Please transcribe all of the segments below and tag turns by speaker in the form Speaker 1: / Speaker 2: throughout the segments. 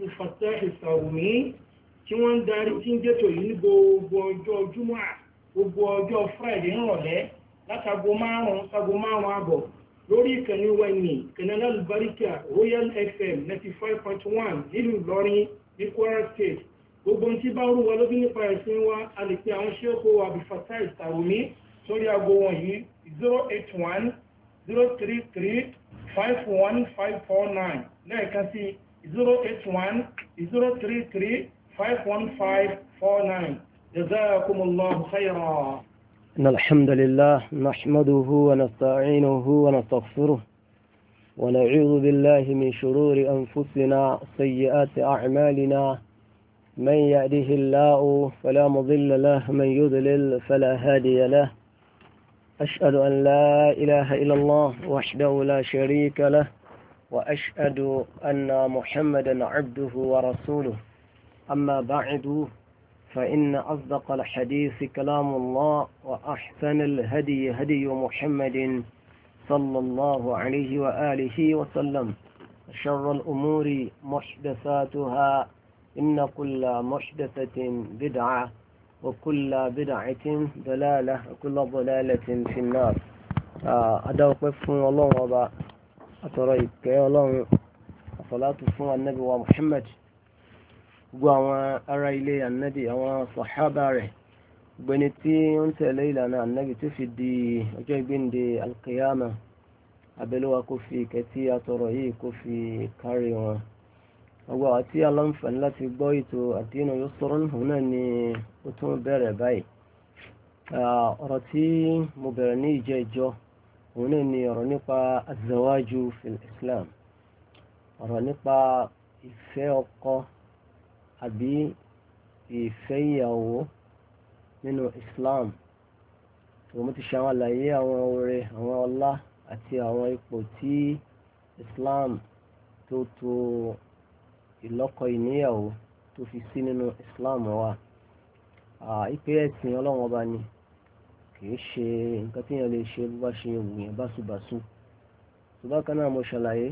Speaker 1: Abdulfatah Sàwùmí tí wọ́n ń darí tí ń jẹ́tò yìí ní gbogbo ọjọ́ Júmọ́ gbogbo ọjọ́ Friday ńrọ̀lẹ́ látago márùn-ún sago márùn-ún àbọ̀ lórí ìkànnì wẹ̀nì kanada lubarika Royal FM ninety five point one nílùú Ìlọrin ní Kwara State gbogbo ohun tí bá rú wa lójú nípa ẹ̀sìn wa a lè pe àwọn ṣẹ́kù Abdulfatah Sàwùmí sórí aago wọ̀nyí zero eight one zero three three five one five four nine lẹ́ẹ̀kan sí i. 033 51549 جزاكم الله خيرا إن الحمد لله نحمده ونستعينه ونستغفره ونعوذ بالله من شرور أنفسنا سيئات أعمالنا من يأده الله فلا مضل له من يضلل فلا هادي له أشهد أن لا إله إلا الله وحده لا شريك له وأشهد أن محمدا عبده ورسوله أما بعد فإن أصدق الحديث كلام الله وأحسن الهدي هدي محمد صلى الله عليه وآله وسلم شر الأمور محدثاتها إن كل محدثة بدعة وكل بدعة ضلالة وكل ضلالة في النار آه، أدوك فهم الله وبركاته àtọ̀rọ̀ ìkẹ́ ọlọ́run àfọlátù fún anábì wa Muhammad gbogbo àwọn ará ilé anábì àwọn sàhábà rẹ̀ gbẹni tí ó ń tẹ̀lé ìlànà anábì tó fi di ọjọ́ ìgbéǹde alkiyama abẹ́lẹ́wà kò fi ìkẹ́ tí àtọ̀rọ̀ yìí kò fi kárí wọn. gbogbo àwọn tí aláǹfààní láti gbọ́ ètò àdínà yóò sọ̀rọ̀ nìhun náà ni ó tún bẹ̀rẹ̀ báyìí ọ̀rọ̀ tí mo bẹ̀rẹ̀ ní ìjẹ́ ìjọ́ òun náà ni ọ̀rọ̀ nípa azawaju fil islam ọ̀rọ̀ nípa ìfẹ́ ọkọ àbí ìfẹ́ ìyàwó nínú islam tòun mo ti ṣe àwọn àlàyé àwọn oore àwọn ọlá àti àwọn ipò tí islam tó to ìlọ́kọ ìníyàwó tó fi sí nínú islam wa ìpè ẹ̀sìn ọlọ́run ọba ni kìí ṣe nǹkan tí yẹn lè ṣe bó bá ṣe wù yẹn báṣubàṣu ṣùgbọ́n kan náà mo ṣàlàyé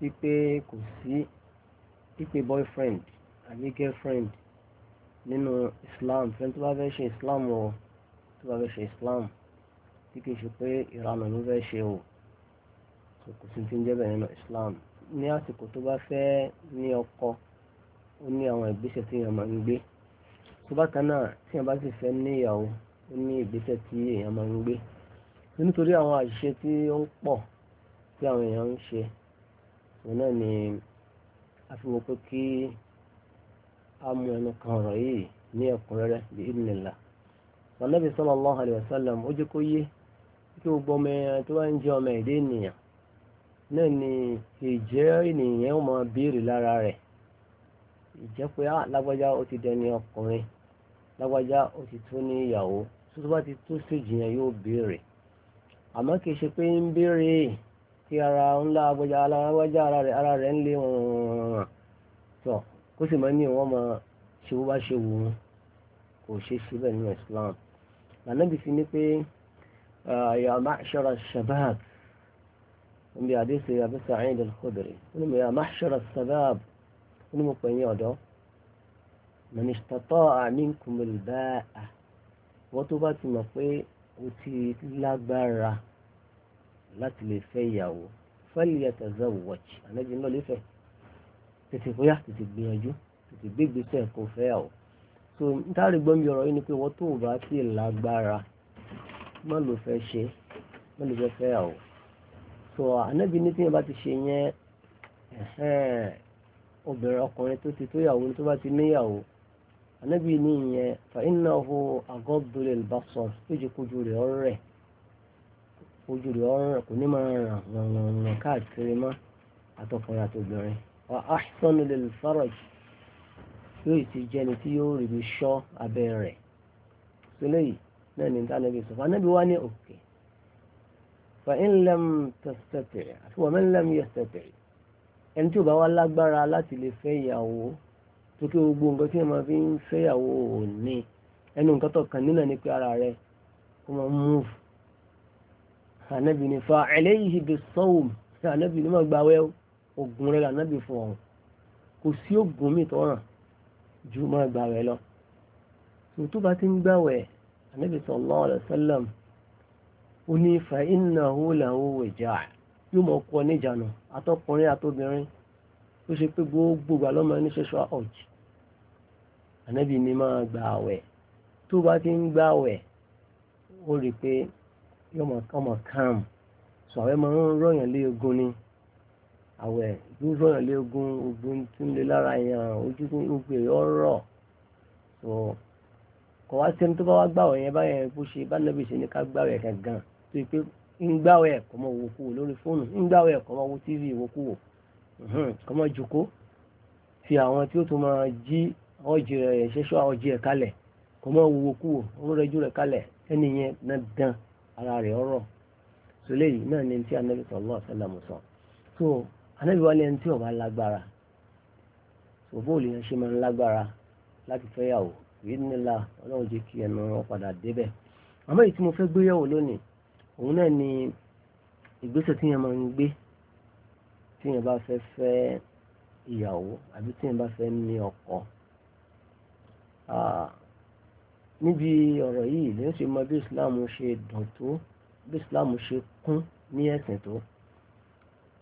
Speaker 1: wípé kò sí wípé boyfriend àbí girlfriend nínú Islam fẹ́ni tó bá fẹ́ ṣe Islam o tó bá fẹ́ ṣe Islam tí kìí ṣe pé ìranù ló fẹ́ ṣe o kò sí ti ń jẹ́ nínú Islam ní àsìkò tó bá fẹ́ ní ọkọ ó ní àwọn ìgbésẹ̀ tí yẹn máa ń gbé tó bá kan náà tí yẹn bá sì fẹ́ níyàwó ó ní ìgbésẹ̀ tí èèyàn máa ń gbé nítorí àwọn àṣìṣe tí ó ń pọ̀ tí àwọn èèyàn ń ṣe òun náà ni a pé kí a kan ọ̀rọ̀ yìí ní ẹ̀kúnrẹ́rẹ́ bí ìdílé sallallahu wasallam ó jẹ́ kó yé kí gbogbo ọmọ ẹran tó bá ń jẹ́ ọmọ ẹ̀dá ènìyàn náà ni ìjẹ́ ènìyàn ó máa béèrè lára rẹ̀ ìjẹ́ pé á ah, lágbájá ó ti lágbájá ó ti tó ní ìyàwó tó tó bá ti tó stage yẹn yóò béèrè àmọ́ kì í ṣe pé ń béèrè kí ara ńlá agbájá alágbájá ara rẹ̀ ń lé wọn tó kó sì máa ní wọn máa ṣe bó bá ṣe wù ú kò ṣe síbẹ̀ nínú Islam lànàbì fi ní pé ah, ya ma'shara shabab ń àdéhùn Abu Sa'id al-Khudri ó ní ya ma'shara shabab ó ní mo pè é ní ọ̀dọ́ man istata'a minkumul ba'a wọ́n tó bá ti mọ̀ pé o ti lágbára láti lè fẹ́ ìyàwó falyatazawwaj ànábi náà lẹ́fẹ̀ẹ́ tètè bóyá tètè gbìyànjú tètè gbégbèsè kò fẹ́ ìyàwó so ntaari gbọ́n mi ọ̀rọ̀ yìí ni pé wọ́n tó bá ti lágbára má ló fẹ́ ṣe má ló fẹ́ fẹ́ ìyàwó so ànábi ní tí yẹn bá ti ṣe yẹn obìnrin ọkùnrin tó ti tó ìyàwó ni tó bá ti níyàwó ànábì ní ìyẹn fàínàhù àgọ́dúrẹ̀ ìbásọ̀ péjì kojú rẹ̀ ọ̀rẹ́ kojú rẹ̀ ọ̀rẹ́ kò ní máa ràn ràn káàkiri mọ́ àtọkùnrin àtòbìnrin wà á sọnù lè fárọ̀jì yóò ti jẹni tí yóò rí bí ṣọ́ abẹ́ rẹ̀ sílẹ̀ yìí náà ní nǹkan ànábì sọ fànábì wá ní òkè fàínlẹ̀m tẹ̀sítẹ̀tẹ̀ àti wàmẹ́ńlẹ̀m yẹ̀sítẹ̀tẹ̀ ẹni tí ò bá wá lágbára láti lè fẹ́ ìyàwó tó kí gbogbo nǹkan tí ẹ máa fi ń fẹ́yàwó òní ẹnu nǹkan tó kàn nínà ní pé ara rẹ kó máa move ànábì ní fa alayhi bis-sawm ànábì ní máa gbààwẹ̀ ogun rẹ ànábì fún ọ̀hún kò sí ogun mi tó ràn ju máa gbààwẹ̀ lọ tó bá ti ń gbààwẹ̀ ànábì sallallahu alaihi wasallam ó ní fa innahu lahu wija' yóò mọ̀ kọ́ níjànú àtọkùnrin àtobìnrin ó ṣe pé gbogbo ìgbà lọ́mọ ní ṣẹṣọ ọ̀jì ànábì ni máa gba àwẹ̀ tó bá ti ń gba àwẹ̀ ó rí i pé yọmọ ọmọ calm sọ àwẹ̀ máa ń rọ̀yàn lé ogun ni àwẹ̀ ló rọ̀yàn lé ogun ogun tí ń lé lára yàn ojú ogun èèyàn rọ̀ so kò wá sẹ́ni tó bá wá gbàwẹ̀ yẹn báyẹn bó ṣe bá nàbì ṣe ni ká gbàwẹ̀ gangan tó yẹ pé ń gbàwẹ̀ kọ́ owó kúwò lórí fóònù ń gbàwẹ̀ kọ́ owó tv ìwó kúwò kọ́mọ jòkó fi àwọn tí ó tún máa jí ọ̀jì rẹ̀ ṣẹ́ṣọ́ ọ̀jì rẹ̀ kalẹ̀ kọ́mọ wúwo kúwò ọmọdéjú rẹ̀ kalẹ̀ ẹni yẹn dandan ara rẹ̀ ọ̀rọ̀ sọlẹ̀ yìí náà ni tí anabi sallallahu alaihi wasallam sọ so anabi wálé ẹni tí ó bá lágbára òbó òlì yẹn ṣe máa ń lágbára láti fẹ́ yàwó èyí nílá ọlọ́run jẹ́ kí ẹnu wọn padà débẹ̀ àmọ́ èyí tí mo fẹ́ gbéyàwó lónìí òun náà ni ìgbésẹ̀ tí yẹn máa ń gbé tí yẹn bá fẹ́ fẹ́ ìyàwó àbí tí yẹn bá fẹ́ ní ọkọ níbi ọ̀rọ̀ yìí lè ṣe mọ bí Islam ṣe dùn tó bí Islam ṣe kún ní ẹ̀sìn tó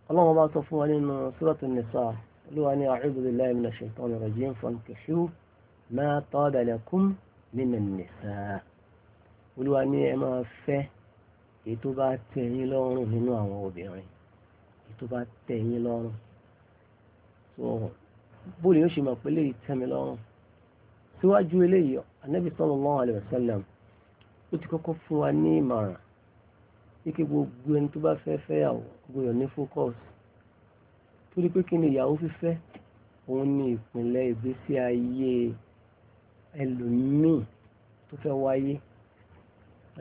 Speaker 1: ọlọ́run bá sọ fún wa nínú Suratu Nisa olúwa ní a'udhu billahi minash shaitani rajim fankihu ma taba lakum minan nisa olúwa ní ẹ máa fẹ́ èyí tó bá tẹ́ lọ́rùn nínú àwọn obìnrin tó bá tẹ́ yín lọ́rùn tó ọ̀hún bóòlù yóò ṣe mọ̀ pé lè tẹ́ mi lọ́rùn síwájú eléyìí anábì sallallahu alaihi wasallam ó ti kọ́kọ́ fún wa ní ìmọ̀ràn wípé gbogbo ẹni tó bá fẹ́ fẹ́yàwó gbọdọ̀ ní focus torí pé kí ni ìyàwó fífẹ́ òun ni ìpìnlẹ̀ ìgbésí ayé ẹlòmíì tó fẹ́ wáyé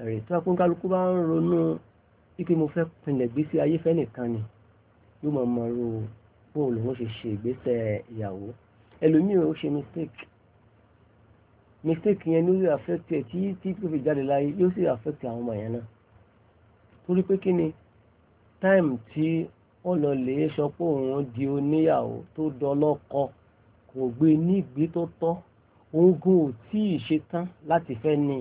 Speaker 1: ẹ̀rẹ̀ tó akóńkálukú bá ń ronú wípé mo fẹ́ pinlẹ̀ ìgbésí ayé fẹ́ nìkan ni yóò máa mọ irú bóun lòun ṣe ṣe ìgbésẹ̀ ìyàwó ẹlòmíì ó ṣe mistake mistake yẹn ló yóò affect ẹ tí tí tó fi jáde láyé yóò sì affect àwọn ọmọ yẹn náà torí pé kí ni time tí wọ́n lọ lè sọ pé òun di oníyàwó tó dọlọ́kọ kò gbé nígbé tó tọ́ ogun ò tí ì ṣe tán láti fẹ́ ni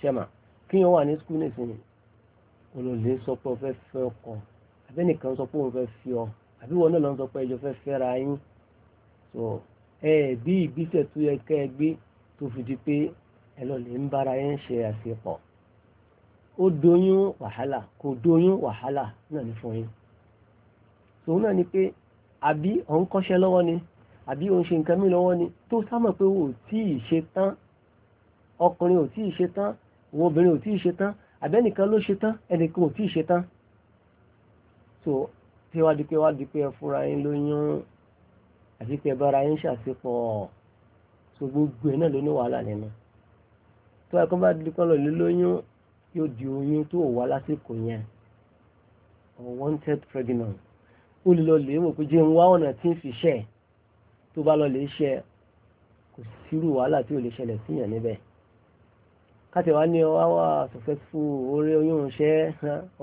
Speaker 1: ṣẹ́mà kí wọ́n wà ní skul nísìnyí olùlé sọ pé o fẹ́ fẹ́ ọkọ abẹ́nìkan sọ pé òun fẹ́ fi ọ àbí wọn náà lọ sọ pé ẹjọ fẹ́ fẹ́ra yín tó ẹ bí ìgbésẹ̀ tó yẹ kẹ́ ẹ gbé tó fi di pé ẹ lọ lè ń bára yín ṣe àṣepọ̀ ó doyún wàhálà kò doyún wàhálà náà ní fún yín tòun náà ni pé àbí òun kọ́ṣẹ́ lọ́wọ́ ni àbí òun ṣe nǹkan mí lọ́wọ́ ni tó sámọ̀ pé wò tí ì ṣe tán ọkùnrin ò tí ì ṣe tán obìnrin ò tí ì ṣe tán àbẹ́nìkan ló ṣe tán ẹnìkan ò tí ì ṣe tán so tí wá di pé wá di pé ẹ fúnra yín lóyún àti pé ẹ bára yín ṣàṣepọ̀ so gbogbo ẹ náà ló ní wàhálà nínú tó wá kó bá di pé ọlọ́ọ̀lẹ́ lóyún yóò di oyún tó wà lásìkò yẹn unwanted pregnant ó lè lọ lè wò pé jẹun wá ọ̀nà tí ń fi ṣẹ́ tó bá lọ lè ṣe kò sírú wàhálà tí ò lè ṣẹlẹ̀ síyàn níbẹ̀ káti wá ní ọwọ́ successful orí oyún ṣẹ́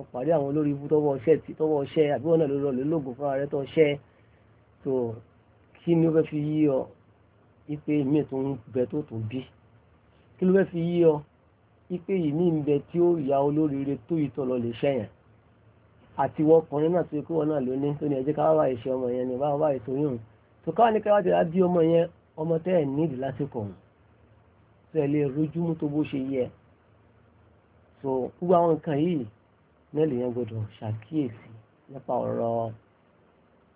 Speaker 1: ọ̀pàdé àwọn olórí ibú tọwọ́ ṣẹ́ tí tọwọ́ ṣẹ́ àbí wọn náà ló lọ lóògùn fún ààrẹ tó ṣẹ́ tó kí ni ó fẹ́ fi yí ọ ipe mi tó ń bẹ tó tó bí kí ló fẹ́ fi yí ọ ipe yìí ní ìbẹ tí ó ya olóríire tó ìtọ̀ lọ lè ṣẹ́ yẹn àti wọ́n ọkùnrin náà tó yẹ kó wọn náà lóní tó ní ẹ̀jẹ̀ ká wá ìṣe ọmọ yẹn ní báwa báyìí tó tó káwọn ní káwá ti rà bí ọmọ yẹn ọmọ tẹ́ ẹ̀ nídìí lásìkò ọ̀hún ẹ lè rojú mú tó bó ṣe yẹ so gbogbo àwọn nǹkan yìí nílùú yẹn gbọ́dọ̀ ṣàkíyèsí nípa ọ̀rọ̀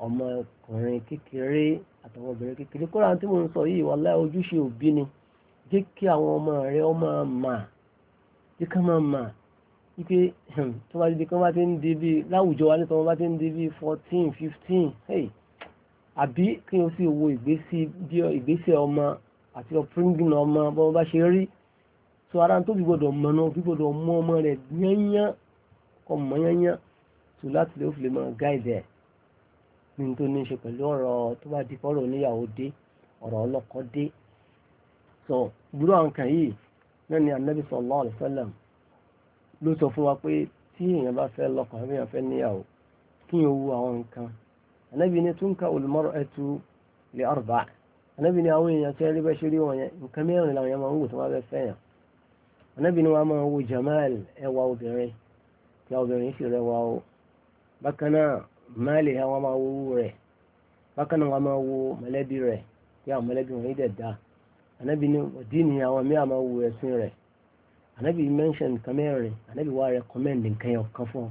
Speaker 1: ọmọkùnrin kékeré àtàwọn obìnrin kékeré kóra tí mo ń sọ yìí wàhálà ojúṣe òbí ni jẹ́ kí àwọn ọmọ rẹ ọmọ mà jẹ́ ká máa mà wípé hmm, tó bá ti di kí wọ́n bá ti ń di bíi láwùjọ wa ní tí wọ́n bá ti ń di bíi fourteen fifteen àbí kí wọ́n sì wo ìgbésí ọmọ àti ọ̀pẹ́ngìn ọmọ bọ́ bá ṣe rí so ara tó fi gbọ́dọ̀ mọ̀ náà fi gbọ́dọ̀ mọ ọmọ rẹ̀ yányán ọmọ yányán so láti lè ó fi lè mọ̀ gáìdì ẹ̀ ní tó ní ṣe pẹ̀lú ọ̀rọ̀ tó bá di fọ́rọ̀ oníyàwó dé ọ̀rọ̀ ọlọ́kọ dé so gbúrò àwọn kan yìí náà ni anabi sallallahu alaihi wasallam ló sọ fún wa pé tí èèyàn bá fẹ́ lọ́kọ àbí èèyàn fẹ́ níyàwó kí èèyàn wo àwọn nǹkan anabi ní túnkà al-mar'atu li arba' ànábì ni àwọn èèyàn tẹ́ rí bẹ́ ṣe rí wọn yẹn nǹkan mẹ́rin làwọn èèyàn máa ń wò tó máa bẹ́ fẹ́yàn ànábì ni wọ́n máa ń wo jamal ẹwà obìnrin kí obìnrin sì rẹwà o bákan náà máàlì ẹ̀ wọ́n máa wo owó rẹ̀ bákan náà wọ́n máa wo mọ̀lẹ́bí rẹ̀ kí àwọn mọ̀lẹ́bí wọn yìí dẹ̀ da ànábì ni ọ̀dí ni àwọn míì máa wo ẹ̀sìn rẹ̀ ànábì mention nǹkan mẹ́rin ànábì wá recommend nǹkan yẹn kan fún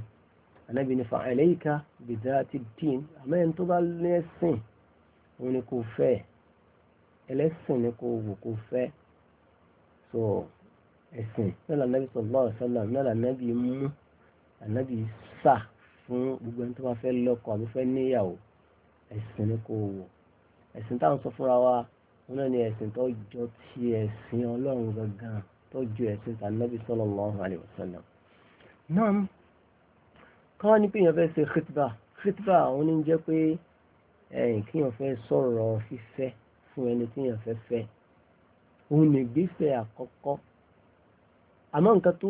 Speaker 1: ẹlẹ́sìn ni kò wù kó fẹ́ so ẹ̀sìn nílà nàbì sallallahu alaihi wasallam nílà nàbì mú ànàbì sà fún gbogbo ẹni tó bá fẹ́ lọ́kọ àbí fẹ́ níyàwó ẹ̀sìn ni kò wù ẹ̀sìn táwọn sọ fúnra wa wọn náà ni ẹ̀sìn tó jọ ti ẹ̀sìn ọlọ́run gangan tó ju ẹ̀sìn tànàbì sallallahu alaihi wasallam náà káwá ní pé èèyàn fẹ́ ṣe khitba khitba òun ní jẹ́ pé kí èèyàn fẹ́ sọ̀rọ̀ fífẹ́ fún ẹni tí yàn fẹ́ fẹ́ òun ní ìgbésẹ̀ àkọ́kọ́ àmọ́ nǹkan tó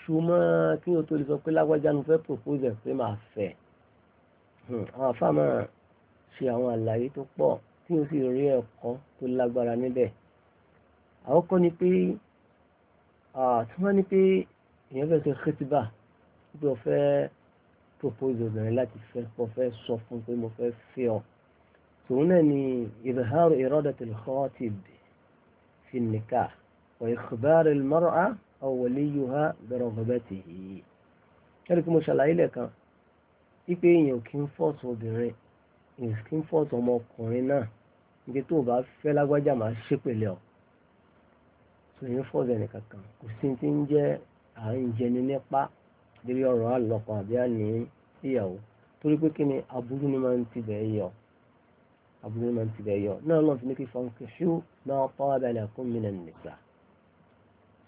Speaker 1: so mọ́ kí o tó lè sọ pé lágbájá nu fẹ́ propose ẹ̀ pé màá fẹ́ hmm, àwọn afáàmà ṣe àwọn àlàyé tó pọ̀ tí o sì rí ẹ̀kọ́ tó lágbára níbẹ̀ àkọ́kọ́ ni pé tí wọ́n ní pé èèyàn fẹ́ ṣe kẹ́tìbà pé o fẹ́ propose obìnrin láti fẹ́ kó fẹ́ sọ fún pé mo fẹ́ fẹ́ ọ tòun náà ni ìbáhárò ìrọ́dàtì lọ́tìb fi nìka wà ìkọ̀bárẹ̀ mọ́rọ̀á ọ̀wọ̀lẹ́ yóò ha bẹ̀rẹ̀ ọ̀gbẹ́ tì í. ẹ̀rí kí mo ṣàlàyé lẹ́ẹ̀kan wípé èèyàn kì í fọ́ọ̀tù obìnrin èèyàn kì í fọ́ọ̀tù ọmọkùnrin náà níbi tó o bá fẹ́ lágbájá máa ṣépèlé ọ̀ tòun fọ́ọ̀tù ẹnì kankan kò sí ti ń jẹ́ à ń jẹni nípa lórí ọ̀rọ̀ àlọ́kọ̀ àbí àní ìyàwó torí pé kí ni aburú ni máa ń tibẹ̀ yọ̀ aburú máa ń tibẹ̀ yọ náà lọ́n fi ní kí fankihu ma taba lakum minan nisa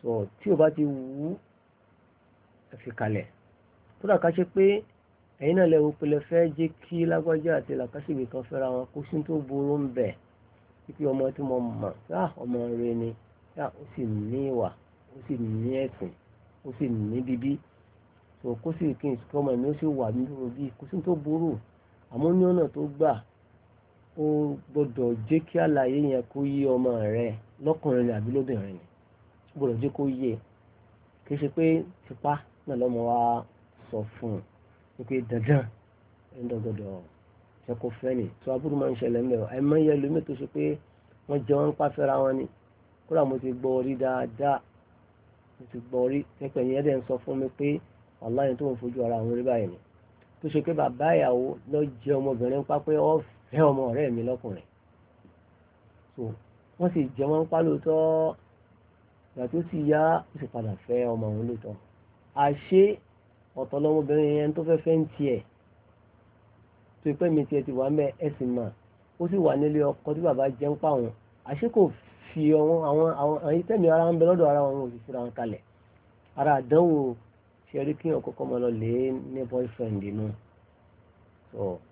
Speaker 1: tó tí o bá ti wú ẹ fi kalẹ̀ kódà ká ṣe pé ẹ̀yin náà lẹ́wọ́ pẹlẹ fẹ́ jẹ́ kí lágbájá àti làkàṣègbè kan fẹ́ra wọn kó sí tó burú ń bẹ̀ pípé ọmọ tí mo mọ̀ yá ọmọ rẹ ni yá ó sì ní ìwà ó sì ní ẹ̀sìn ó sì ní bíbí tó kó sì kí n sọ ọmọ mi ó sì wà nínú bíi kó sí tó burú àmọ́ ní ọ̀nà tó gbà o gbọ́dọ̀ jẹ́ kí àlàyé yẹn kó yé ọmọ rẹ lọ́kùnrin àbí lóbìnrin ni o gbọ́dọ̀ jẹ́ kó yé kì í ṣe pé tipa náà lọ́mọ wa sọ fún un pé dandan ẹ̀ńdọ̀ gbọ́dọ̀ jẹ́ kó fẹ́ ni tó aburú máa ń ṣẹlẹ̀ ńlẹ̀ ẹ̀ máa ń yẹ lómi tó ṣe pé wọ́n jẹ́ wọn ń pa fẹ́ra wọn ni kódà mo ti gbọ́ orí dáadáa mo ti gbọ́ orí pẹ́pẹ́ yẹn dẹ̀ ń sọ fún mi pé ọ̀la tó ń fojú ara àwọn orí báyìí ni tó ṣe pé bàbá ìyàwó lọ jẹ ọmọbìnrin pa pé fẹ́ ọmọ ọ̀rẹ́ mi lọ́kùnrin so wọ́n sì jẹ́ wọ́n ń pa lóòótọ́ ìgbà tó sì yá ó sì padà fẹ́ ọmọ òun lóòótọ́ àṣé ọ̀tọ̀ lọ́mọbìnrin yẹn tó fẹ́ fẹ́ ń tiẹ̀ tó ipẹ́ mi tiẹ̀ ti wà mẹ́ ẹ̀sìn mà ó sì wà nílé ọkọ tí bàbá jẹ́ ń pa òun àṣé kò fi àwọn àwọn àwọn àyè tẹ́mi ara ń bẹ lọ́dọ̀ ara wọn òsì síra wọn kalẹ̀ ara àdánwò ṣe rí kí ọkọ kọ́ mọ lọ lè ní boyfriend nù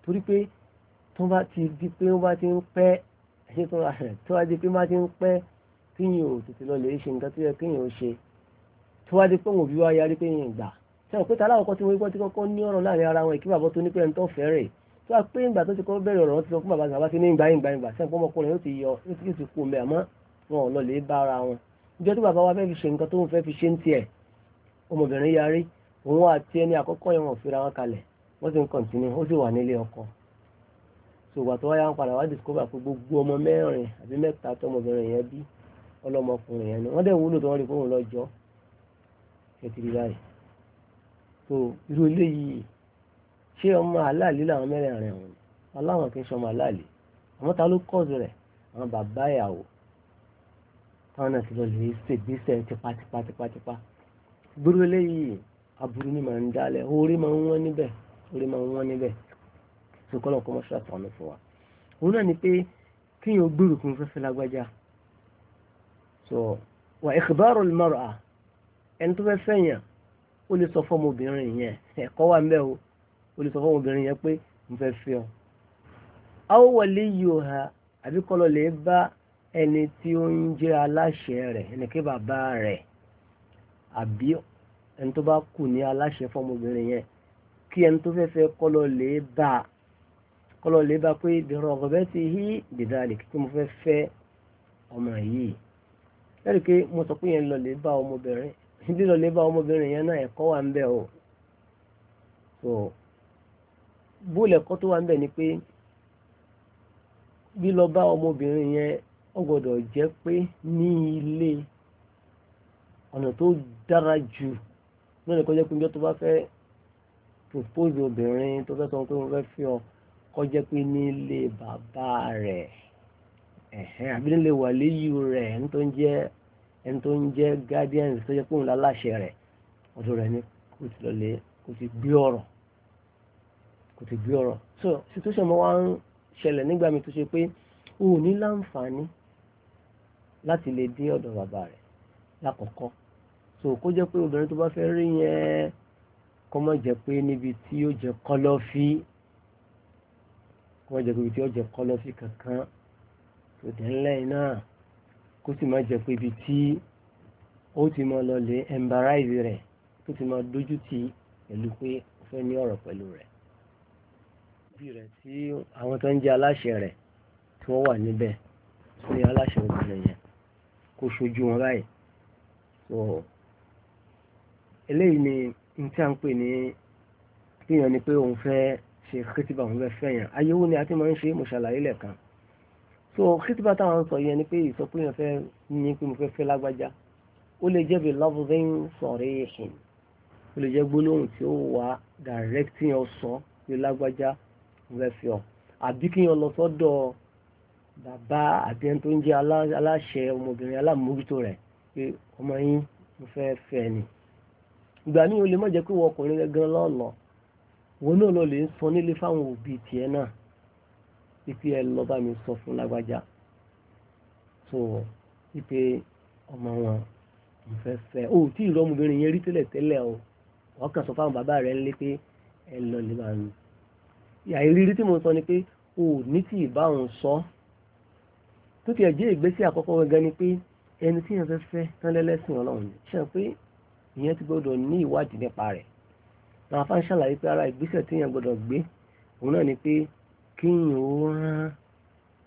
Speaker 1: torí pé tó bá ti di pé ó bá ti ń pẹ́ ṣé tó rẹ̀ tó bá di pé ó bá ti ń pẹ́ kíyìn ò tètè lọ lè ṣe nǹkan tó yẹ kíyìn ò ṣe tó bá di pé òun òbí wa yarí pé yìn gbà sẹ́wọ̀n pé tàlàwọ̀ kan tí wọ́n ti kọ́kọ́ ní ọ̀rọ̀ láàrin ara wọn ìkíbàbọ̀ tó ní pé ẹni tó fẹ́ rẹ̀ tó bá pé ìgbà tó ti kọ́ bẹ̀rẹ̀ ọ̀rọ̀ ti sọ fún bàbá sàbá sí ní ìgbà ìgbà ìgbà sẹ́wọ̀n pọ́nmọkùnrin yóò ti yọ yóò ti kú omi wọn ò lọ lè bá ara wọn ìjọ tí bàbá wa fẹ́ fi ṣe nǹkan tó ń fẹ́ fi ṣe ń tiẹ̀ ọmọbìnrin yarí òun àti ẹni àkọ́kọ́ yẹn wọn ò fira wọn kalẹ̀ wọ́n sì ń kọ̀ǹtínú ó sì wà nílé ọkọ sògbà tó wáyà ń padà wá discover pé gbogbo ọmọ mẹ́rin àbí mẹ́ta tọmọbìnrin yẹn bí ọlọmọkùnrin yẹn ni wọ́n dẹ̀ wúlò tó wọ́n rí fóun lọ́jọ́ kẹtìrì báyìí tó irú eléyìí ṣé ọmọ aláàlí làwọn mẹ́rin rẹ̀ wọ̀n aláwọn kì í ṣe ọmọ aláàlí àmọ́ ta ló kọ́ọ̀sì rẹ̀ àwọn bàbá ìyàwó táwọn náà ti lọ lè ṣègbésẹ̀ tipátipá tipátipá gbúrú eléyìí aburú ni màá ń dálẹ̀ orí máa ń wọ́n níbẹ̀ orí máa ń wọ́n níbẹ̀ tó kọ́ lọ́kọ́ mọ́ṣọ́ àtàwọn fún wa òun náà ni pé kí n ò gbèrò kí n fẹ́ fẹ́ lágbájá so wà ìkìbárò mara ẹni tó fẹ́ fẹ́yàn ó lè sọ fọ́mọ obìnrin yẹn ẹ̀kọ́ wà mẹ́ o ó lè sọ fọ́mọ obìnrin yẹn pé mo fẹ́ fẹ́ ọ. àwọn wọlé yìí ò ha àbí kọ́lọ́ lè bá ẹni tí ó ń jẹ́ aláṣẹ rẹ̀ ẹni kí bàbá rẹ̀ àbí ẹni tó bá kù ní aláṣẹ fọ́mọ obìnrin yẹn kí ẹni tó fẹ́ fẹ́ kọ́lọ́ lè bá a. kọlọ lè bá pé bẹ̀rọ ọ̀gọ̀bẹ́ ti hí bìdálì kí mo fẹ́ fẹ́ ọmọ yìí lẹ́rìí pé mo sọ pé yẹn lọ ya bá ọmọbìnrin o so bóòlù ẹ̀kọ́ ni pé ya, lọ bá ọmọbìnrin ní ilé kọjá pé njọ́ tó bá fẹ́ propose kọjá pé nílé bàbá rẹ̀ ẹ̀hẹ́n àbí nílé wàlíyù ẹni tó ń jẹ́ ẹni tó jẹ́ guardians tó jẹ́ pòun láláṣẹ rẹ̀ ọ̀dọ̀ rẹ̀ ni kò ti lọlé kò ti gbé ọ̀rọ̀ kò ti gbé ọ̀rọ̀ so situation mo wá ń ṣẹlẹ̀ nígbà mi tó ṣe pé o ò ní láǹfààní láti lè dé ọ̀dọ̀ bàbá rẹ̀ lákọ̀ọ́kọ́ so kó jẹ́ pé obìnrin tó bá fẹ́ rí yẹn kó má jẹ́ pé níbi tí ó jẹ́ kọ́lọ́fí wọ́n jẹ́ pé ibi tí ó jẹ kọ́lọ́ sí kankan tó dẹ̀ ńlẹ́yìn náà kó sì máa jẹ́ pé ibi tí ó ti máa lọ lè embarrass rẹ̀ tó ti máa dójú tì pẹ̀lú pé ó fẹ́ ní ọ̀rọ̀ pẹ̀lú rẹ̀. bí rẹ̀ tí àwọn tó ń jẹ́ aláṣẹ rẹ̀ tí wọ́n wà níbẹ̀ tó ní aláṣẹ obìnrin yẹn kó ṣojú wọn báyìí. so eléyìí ni n tí a ń pè ní kíyàn ni pé òun fẹ́ ṣe kìtìbà òun fẹ́ fẹ́yàn ayéwo ni a ti máa ń ṣe mo ṣàlàyé lẹ́ẹ̀kan so kìtìbà táwọn ń sọ yẹn ni pé ìsọpé yẹn fẹ́ ní pé mo fẹ́ fẹ́ lágbájá ó lè jẹ́ bí lafzin sarihin ó lè jẹ́ gbólóhùn tí ó wà dàrẹ́kítì yẹn sọ pé lágbájá mo fẹ́ fi ọ àbí kí yẹn lọ sọ́dọ̀ bàbá àti ẹni tó ń jẹ́ aláṣẹ ọmọbìnrin alámòójútó rẹ̀ pé ọmọ yín mo fẹ́ fẹ́ ni ìgbà míì o má jẹ́ pé wọ́n ọkùnrin gangan lọ́ọ̀lọ́ọ̀ wọn náà lọ lè sọ nílé fáwọn òbí tiẹ̀ náà ipe ẹ lọ bá mi sọ fún lágbájá tó ipe ọmọ wọn ń fẹ́ fẹ́ o tí ìrọmọbìnrin yẹn rí tẹ́lẹ̀ tẹ́lẹ̀ o wọ́n kàn sọ fáwọn bàbá rẹ̀ ńlé pé ẹ lọ lè bá mi àìrírí tí mo sọ ni pé o ní tí ìbá òun sọ tó ti ẹ̀ jẹ́ ìgbésẹ̀ àkọ́kọ́ gangan ni pé ẹni tí yẹn fẹ́ fẹ́ tán lẹ́lẹ́sìn ọlọ́run ṣe pé ìyẹn ti gbọ́dọ̀ ní ìwádìí nípa rẹ̀ làwọn afá ń ṣàlàyé pé ara ìgbésẹ̀ téèyàn gbọ́dọ̀ gbé òun náà ni pé kíyìn ó rán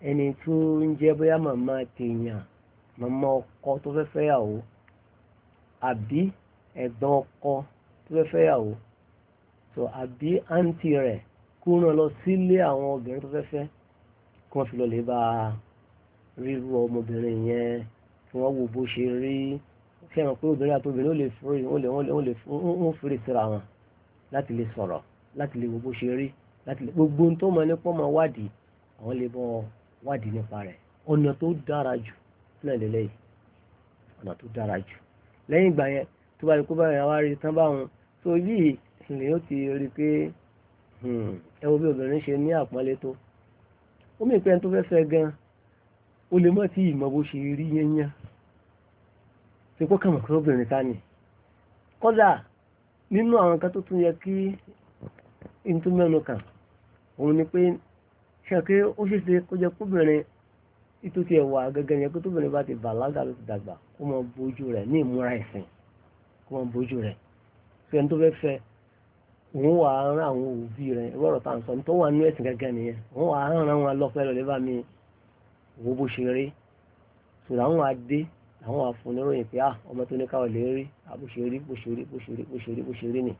Speaker 1: ẹni tó ń jẹ́ bóyá màmá tèèyàn màmá ọkọ tó fẹ́ fẹ́yàwó àbí ẹ̀gbọ́n ọkọ tó fẹ́ fẹ́yàwó tó àbí àǹtí rẹ̀ kó rán lọ sílé àwọn obìnrin tó fẹ́ fẹ́ kí wọ́n fi lọ lè bá ríru ọmọbìnrin yẹn kí wọ́n wo bó ṣe rí fẹ́ràn pé obìnrin àti obìnrin ó lè fúri ó lè fúri síra wọn láti lè sọ̀rọ̀ láti lè wo bó ṣe rí láti lè gbogbo ohun tó mọ nípa ọmọ wádìí àwọn lè bọ́ wádìí nípa rẹ̀ ọ̀nà tó dára jù náà lélẹ́yìí ọ̀nà tó dára jù lẹ́yìn ìgbà yẹn tó bá yẹ kó bá yẹn wá rí tán báwọn tó yìí lè ó ti rí pé hmm, ẹ wo bí obìnrin ṣe ní àpọ́nlé tó ó mì tó fẹ́ fẹ́ gan o lè mọ̀ tí ìmọ̀ bó ṣe rí yẹn yẹn ṣe kó kàmọ̀ kí obìnrin ta ni kódà nínú àwọn kan tó tún yẹ kí n tún mẹ́nu kàn òun ni pé ṣàkí ó ṣeéṣe kó jẹ kóbìnrin ètò tí ẹ wà gẹ́gẹ́ yẹn kó tóbìnrin bá ti bàlágà ló ti dàgbà kó máa bójú rẹ̀ ní ìmúra ẹ̀sìn kó máa bójú rẹ̀ fẹ́ ní tó fẹ́ fẹ́ òun wà á rán àwọn òbí rẹ̀ ìwọ́rọ̀ tá à sọ tó wà nínú ẹ̀sìn gẹ́gẹ́ nìyẹn òun wà á rán àwọn alọ́pẹ́ lọ́lẹ́ bá mi wo bó ṣe rí sùdà àwọn adé àwọn àfúniròyìn pé ah, ọmọ tó ní káwọn lè rí ah, bóṣerí bóṣerí bóṣerí bóṣerí bóṣerí ni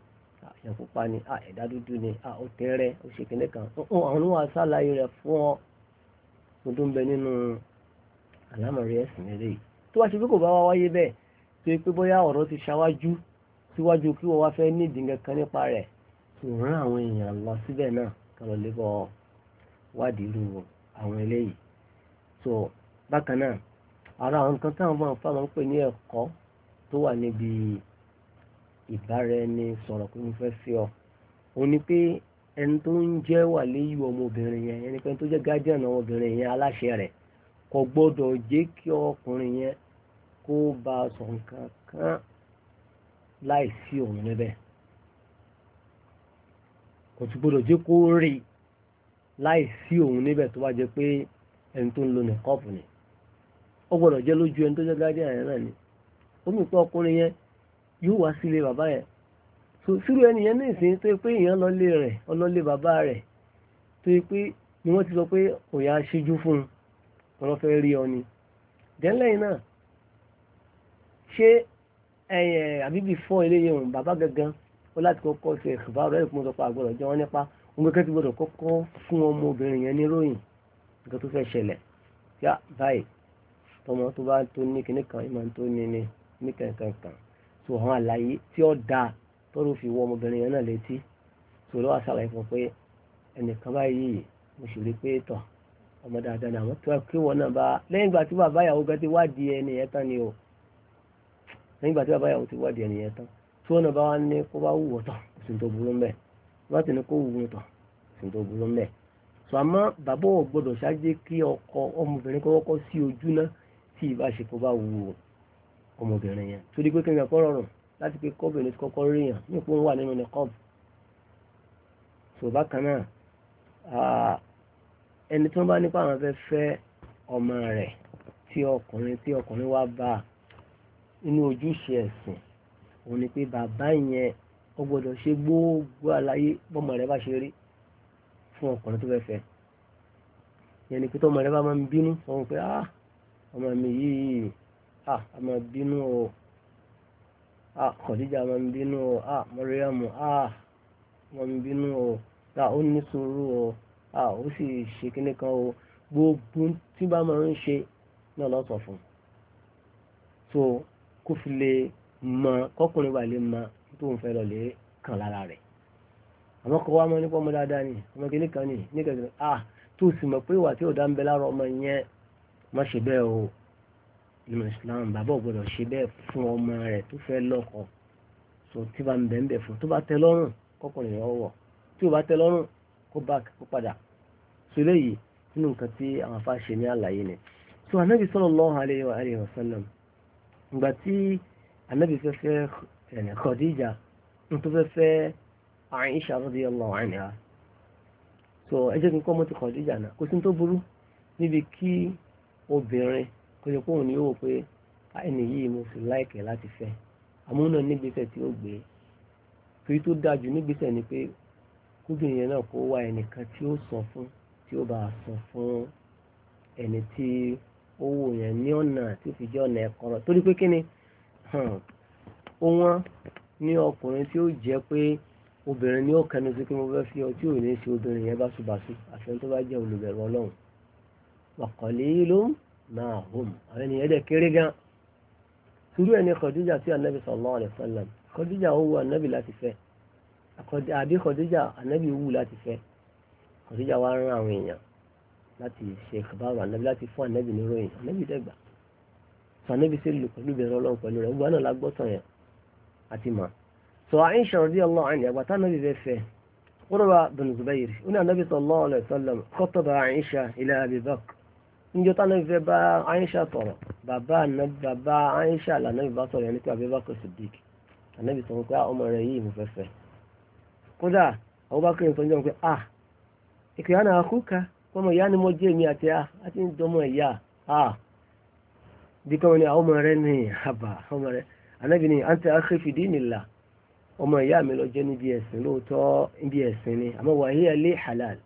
Speaker 1: àyàn ah, pupa ni ẹ̀dá dúdú ni ó tẹ́rẹ́ ó ṣe kíní kan àwọn oníwà sàlàyé rẹ̀ fún ọ mo tó ń bẹ nínú àlámọ̀rí ẹ̀sìn eré yìí tó bá ṣe pé kò bá wá wáyé bẹ́ẹ̀ tó yẹ pé bóyá ọ̀rọ̀ ti ṣáwájú síwájú kí wọ́n wá fẹ́ nídìí kankan nípa rẹ̀ tó rán àwọn èèyàn lọ síbẹ̀ náà kọ́lọ́ lébọ̀ wádìí irú àwọn eléyìí so bákan náà ara àwọn nǹkan táwọn máa ń fa máa ń pè ní ẹ̀kọ́ tó wà níbi ìbáraẹni sọ̀rọ̀ pé mo fẹ́ fi ọ òun ni pé ẹni tó ń jẹ́ wàléyù ọmọbìnrin yẹn ẹni pé ẹni tó jẹ́ guardian ọmọbìnrin yẹn aláṣẹ rẹ̀ kò gbọ́dọ̀ jẹ́ kí ọkùnrin yẹn kó bá sọ nǹkan kan láì sí òun níbẹ̀ kò tún gbọ́dọ̀ jẹ́ kó rí láì sí òun níbẹ̀ tó bá jẹ́ pé ẹni tó ń lo nìkọ́ọ̀pù ni ó gbọ́dọ̀ jẹ́ lójú ẹni tó jẹ́ guardian yẹn náà ni omi ìpọ́ ọkùnrin yẹn yóò wá sílé bàbá yẹn so sírú ẹni yẹn ní ìsìn tó pé èèyàn lọ́lé rẹ̀ ọlọ́lé bàbá rẹ̀ tó pé ni wọ́n ti sọ pé òyà ṣíjú fún un wọ́n fẹ́ rí ọ ni dẹ́lẹ́yìn náà ṣé ẹyẹ àbíbí fọ́ ilé yẹn bàbá gangan ó láti kọ́kọ́ ṣe ìṣùbá ọ̀rọ̀ ẹ̀kún tó pa àgbọ̀dọ̀ jẹ́ wọ́n nípa òun gẹ́gẹ́ ti gbọ́dọ̀ kọ́kọ́ fún ọmọbìnrin yẹn níròyìn nǹkan tó fẹ́ ṣẹlẹ̀ yá báyìí tọmọ tó bá tó ní kíní kan ìmọ̀ tó ní ní ní kankan kan so àwọn àlàyé tí ó dáa tọ́rọ fi wọ ọmọbìnrin yẹn náà létí so lọ́wọ́ àṣàlàyé fún pé ẹnìkan báyìí mo sì rí pé tọ̀ ọmọ dáadáa ni àwọn tó kí wọn náà bá lẹ́yìn ìgbà tí bàbá ìyàwó gan ti wádìí ẹni yẹn tán ni o lẹ́yìn ìgbà tí bàbá ìyàwó ti wádìí ẹni yẹn tán tí wọn náà bá wá ní kó bá wù ọ̀tọ̀ òsìn burú mbẹ wọn ti ní kó wù ọ̀tọ̀ òsìn burú mbẹ so àmọ́ bàbá ò gbọ́dọ̀ ṣáájú kí ọkọ ọmọbìnrin kọ́kọ́ sí ojú náà tí ìbáṣepọ̀ bá wu ọmọbìnrin yẹn torí pé kẹ́mi ẹ̀kọ́ rọrùn láti pé kọ́bìnrin ti kọ́kọ́ rí yàn ní ìpín wà nínú ní kọ́ọ̀bù tó bákan náà ẹni tí wọ́n bá nípa àwọn fẹ́ ọmọ rẹ̀ tí ọkùnrin tí ọkùnrin wá bá inú ojúṣe ẹ̀sìn òun ni pé bàbá yẹn ó gbọ́dọ̀ ṣe gbogbo àlàyé bọ́mọ rẹ̀ bá ṣe rí fún ọkùnrin tó fẹ́ fẹ́ yẹn ni pé tọ́mọ rẹ̀ bá máa ń bínú sọ wọn pé ah ọmọ mi yìí à ọmọ bínú o à Khadija ọmọ bínú o à Mariam à ọmọ bínú o à ó ní sùúrù o à ó sì ṣe kíní kan o gbogbo tí bá máa ń ṣe náà lọ́sọ̀ fún so kó fi lè mọ kọkùnrin wà lè mọ tó ń fẹ́ lọ lè kàn lára rẹ̀ àmọ́ kọ́ wa mọ́ nípa ọmọ dáadáa ni ọmọ kìíní kan ni nígbà tó ah tó sì mọ̀ pé ìwà tí ò dá ń bẹ lára ọmọ yẹn má ṣe bẹ́ẹ̀ o nínú Islam bàbá ò gbọdọ̀ ṣe bẹ́ẹ̀ fún ọmọ rẹ̀ tó fẹ́ lọ́kọ so tí bá ń bẹ̀ ń bẹ̀ fún tó bá tẹ́ lọ́rùn kọkùnrin yẹn wọ̀ tí ò bá tẹ́ lọ́rùn kó bá kó padà so léyìí nínú nǹkan tí àwọn afá ṣe ní àlàyé ni so anabi sallallahu alaihi wa alihi wa sallam ìgbà tí anabi fẹ́ fẹ́ ẹ̀nì Khadija tó fẹ́ fẹ́ Aisha radiyallahu anha so ẹ kí n kọ́ mọ́ ti náà kò sí tó burú níbi kí obìnrin kó jẹ́ kóun ní yóò pé ẹni yìí mo sì láìkẹ́ láti fẹ́ àmúnà nígbésẹ̀ tí ó gbé kiri tó dáa jù ni pé kóbìnrin yẹn náà kó wá ẹnìkan tí ó sọ fún tí ó bá sọ fún ẹni tí ó wò yẹn ní ọ̀nà tí ó fi jẹ́ ọ̀nà ẹ̀kọ́ torí pé kí ni ó wọ́n ní ọkùnrin tí ó jẹ́ pé obìnrin ni ó kẹnu sí pé mo fẹ́ fi ọ tí ò ní ṣe obìnrin yẹn bá ṣubàṣu àfẹ́ńtó bá jẹ́ olùbẹ̀rù ọlọ́run wa qalilun ma hum àwọn ènìyàn dẹ̀ kéré gan sùúrù ẹni Khadija sí anabi sallallahu alayhi wa sallam Khadija ó wù anabi láti fẹ́ àbí Khadija anabi wù láti fẹ́ Khadija wa rán àwọn èèyàn láti ṣe ìkàbáwò anabi láti fún anabi níròyìn anabi dẹ́gbà sọ anabi sì lù pẹ̀lú ìbẹ̀rẹ̀ ọlọ́run pẹ̀lú rẹ̀ gbogbo àná la gbọ́ sàn yẹn àti mà sọ Aisha radiyallahu anha àgbàtà anabi fẹ́ fẹ́ Urwa bin Zubair ó ní anabi sallallahu alayhi wa sallam khataba Aisha ila Abi Bakr níjọ́ táwọn ẹbí fẹ́ bá Aisha tọ̀rọ̀ bàbá bàbá Aisha lànà ìbá sọ̀rọ̀ yẹn ní pé Abubakar Siddiq ànábì sọ pé ah, ọmọ rẹ̀ yìí mo fẹ́ fẹ́ kódà Abubakar sọ níjọ́ pé ah ìkè àná àkúkà ọmọ ìyá ni mo jẹ́ èmi àti ah. àti ń dọmọ ìyá a ah. bí kọ́mọ ah, ni àwọn ọmọ rẹ ní àbà ọmọ rẹ ànábì ni àǹtí àkẹ́fìdí nìlà ọmọ ìyá mi lọ jẹ́ níbi ẹ̀sìn lóòótọ́ níbi ẹ̀sìn ni àmọ́ wàhíà lé halal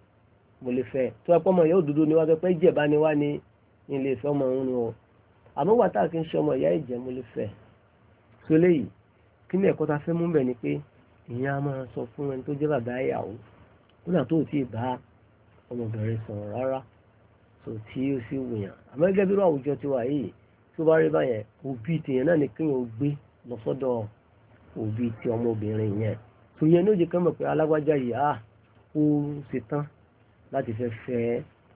Speaker 1: mo lè fẹ́ tó ẹpọ́ ọmọ ìyá òdodo ni wá pé jẹ̀bá ni wá ní ilé ìfẹ́ ọmọ òun ni o àmọ́ wà tá a kì í ṣe ọmọ ìyá ìjẹ́ mo lè fẹ́ tó léyìí kí ni ẹ̀kọ́ ta fẹ́ mú bẹ̀ ni pé ìyẹn máa sọ fún ẹni tó jẹ́ bàbá ìyàwó kódà tó ti bá ọmọbìnrin sọ̀rọ̀ rárá tó tí ó sì wùyàn àmọ́ gẹ́gẹ́ bí irú àwùjọ ti wà yìí tó bá rí báyẹn òbí tèèyàn náà ni kéèyàn gbé lọ sọ́dọ̀ òbí ti ọmọbìnrin yẹn tó ní ó jẹ́ kẹ́mọ̀ pé alágbájá yìí á ah, ó ṣetán láti fẹ́ fẹ́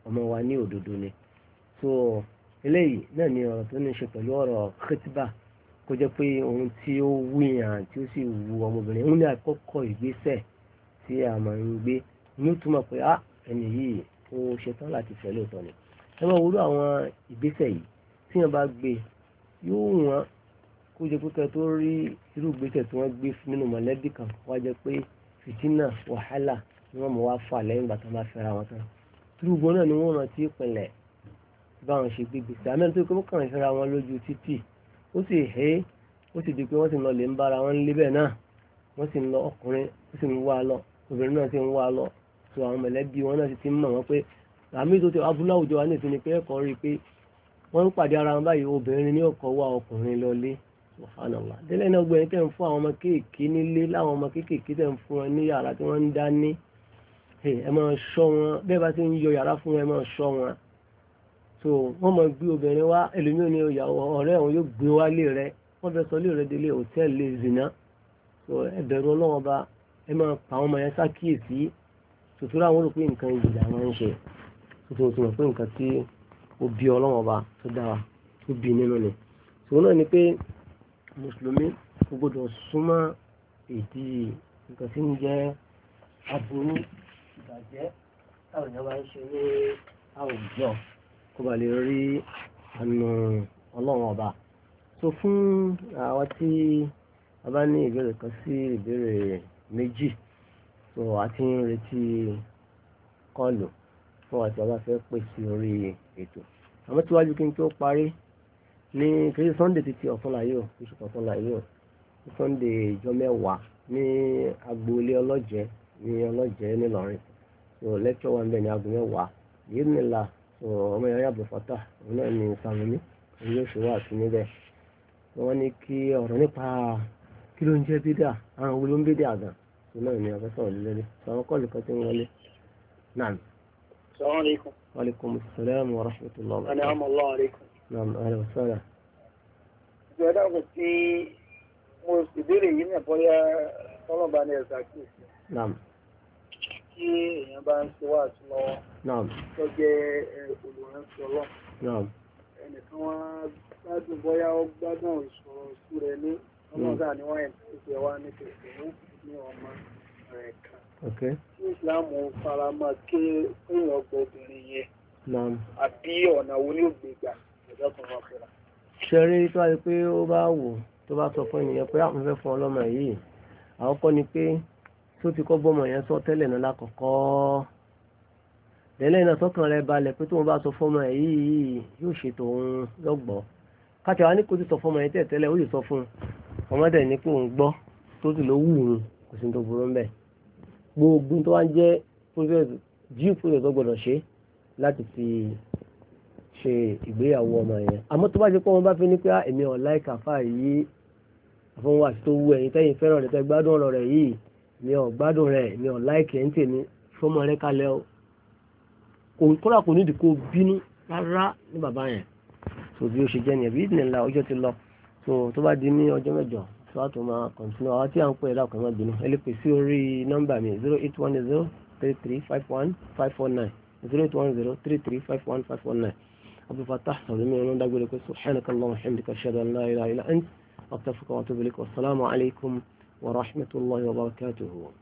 Speaker 1: ọmọ wa ní òdodo ni so eléyìí náà ni ọ̀rọ̀ tó ní ṣe pẹ̀lú ọ̀rọ̀ kẹtìbà kó jẹ́ pé ohun tí ó wúyàn tí ó sì wu ọmọbìnrin òun ní àkọ́kọ́ ìgbésẹ̀ tí a máa ń gbé ní ó túmọ̀ pé ah ẹni yìí ó ṣetán láti fẹ́ lóòótọ́ ni ẹ máa wúlò àwọn ìgbésẹ̀ yìí tí wọ́n bá gbé yóò wọ́n kó jẹ́ pé kẹ́ tó rí irú ìgbésẹ̀ tí wọ́n gbé nínú mọ̀lẹ́bí kan wá jẹ́ pé fìtínà wàhálà ni wọ́n mọ̀ wá fà lẹ́yìn ìgbà tó bá fẹ́ra wọn tán túrúgbó náà ni wọ́n mọ̀ tí ìpìlẹ̀ báwọn ṣe gbé gbèsè àmì tó kọ́ kàn fẹ́ra wọn lójú títì ó sì hé ó sì di pé wọ́n sì lọ lè ń bára wọn níbẹ̀ náà wọ́n sì ń lọ ọkùnrin ó sì ń wá lọ obìnrin náà sì ń wá lọ tó àwọn mẹ̀lẹ́bí wọn náà sì ti ń mọ̀ wọ́n pé àmì tó ti abúlé àwùjọ wa nìkan ni pé ẹ̀kọ́ rí i pé wọ́n ń pàdé ara wọn báyìí obìnrin ní ọkọ̀ wá ọkùnrin lọlé wàhánàlá délẹ̀ náà tẹ̀ ń fún àwọn ọmọ kéékèèké nílé láwọn ọmọ kéékèèké tẹ̀ ń fún wọn ní yàrá tí wọ́n ń dá ní ẹ máa ṣọ́ wọn bẹ́ẹ̀ bá ti ń yọ yàrá fún wọn ẹ máa ṣọ́ wọn so wọ́n máa gbé obìnrin wá ẹlòmíràn ní ìyàwó ọ̀rẹ́ àwọn yóò gbé wá lé rẹ wọ́n fẹ́ sọ lé rẹ délé hòtẹ́ẹ̀lì lè zìnà so ẹ bẹ̀rù ọlọ́wọ́n bá ẹ máa pa àwọn ọmọ yẹn sákìyèsí tòtúrà àwọn olùpẹ̀ nǹkan ìjìyà máa ń ṣe tuntun tó mọ̀ pé nǹkan tí ó bí ọlọ́wọ́n bá tó dára tó bí nínú ni tòun náà ni pé mùsùlùmí kò gbọdọ̀ súnmọ́ ìdí nǹkan tí ń jẹ́ aburú ìbàjẹ́ táwọn èèyàn máa ń ṣe ní àwùjọ kó ba lè rí àánú ọlọ́run ọba so fún àwọn tí a bá ní ìbéèrè kan sí ìbéèrè méjì so a ti ń retí kọlù fún àti ọba fẹ́ pè sí orí ètò àmọ́ tíwájú kí n tó parí ní kìí sunday títí ọ̀túnla yóò oṣù kọ̀ọ̀túnla yóò ìjọ mẹ́wàá ní agboolé ọlọ́jẹ́ ní ọlọ́jẹ́ nílọrin so lẹ́kítọ̀ wa ń bẹ̀ ní aago mẹ́wàá yìí nílà so ọmọ yàrá Abdul Fatah òun náà ní sàmúní òun yóò ṣòwò àti níbẹ̀ wọ́n ní kí ọ̀rọ̀ nípa kí ló ń jẹ́ bídà àwọn wo ló ń bídà gan òun náà ní afẹ́sọ̀ lélẹ́lẹ́ so àwọn kọ́ọ̀lù kan ti ń wọlé náà. Assalamu alaikum. Wa salam wa rahmatullahi wa barakatuh. An'ama Allahu alaikum. Naam, ahlan wa sahlan. ìjọba kò sí mo ìbéèrè yìí náà Tí èèyàn bá ń ṣe wá àti lọ́wọ́, tó jẹ́ olùrántí ọlọ́run. Ẹnìkan wá gbádùn bóyá ó gbádùn ìṣòro sí rẹ̀ ní ọlọ́gà hmm. ni wọ́n ẹ̀ǹtí ìṣẹ́ wá ní kòkòrò ní ọmọ rẹ̀ kan. Tí Ìsìláàmù fara mọ́ kí èèyàn gbọ́ obìnrin yẹn. Àbí ọ̀nà wo ni ó gbé gbà? Ẹ̀dọ́ kan wá fẹ́ra. Ṣé tó wáyé pé ó bá wò tó bá sọ fún ènìyàn pé àwọn ah, fẹ́ fún ọlọ́mọ yìí? Àwọn kọ́ ni pé tó ti kọ́ bọ́mọ yẹn sọ tẹ́lẹ̀ náà lákọ̀ọ́kọ́ tẹ́lẹ̀ náà sọ́kàn rẹ̀ balẹ̀ pé tóun bá sọ fọ́mọ ẹ̀ yìí yóò ṣe tòun yọ̀gbọ́ káti àwọn ní kó ti sọ fọ́mọ yẹn tẹ̀ tẹ́lẹ̀ ó yìí sọ fún un ọmọdé ní pé òun gbọ́ tó sì ló wù ú kò sí ní tó burú mbẹ́ gbogbo tó wá ń jẹ́ process jíù process tó gbọdọ̀ ṣe láti fi ṣe ìgbéyàwó ọmọ yẹn àmọ́ tó bá jẹ́ pé wọ́n bá fi ní pé ah, èmi ọ̀ láìka fáà yìí àfọwọ́n àti tó wú ẹ̀yìn tẹ́yìn fẹ́ràn rẹ̀ tẹ́ gbádùn ọ̀rọ̀ rẹ̀ yìí mi ò gbádùn rẹ̀ mi ò láìkì ẹ̀ ń tèmi fọmọ rẹ kalẹ̀ o kò kóra kò nídìí kó bínú rárá ní bàbá yẹn tó bí ó ṣe jẹ́ nìyẹn bí ìdìnnìlá ọjọ́ ti lọ tó bá di ní ọjọ́ mẹ́jọ tó wàá tó máa kọ̀ǹtínú àwọn tí à ń pè é lákòó bínú ẹ orí nọ́mbà mi zero eight one zero three three five one five four nine zero eight one zero three three five one five four nine abdulfatah sọlọmi ọlọ́run dágbére pé subhanaka allahumma wa hamdika ashhadu an la ilaha illa anta astaghfiruka wa atubu ilaik wassalamu alaikum. ورحمة الله وبركاته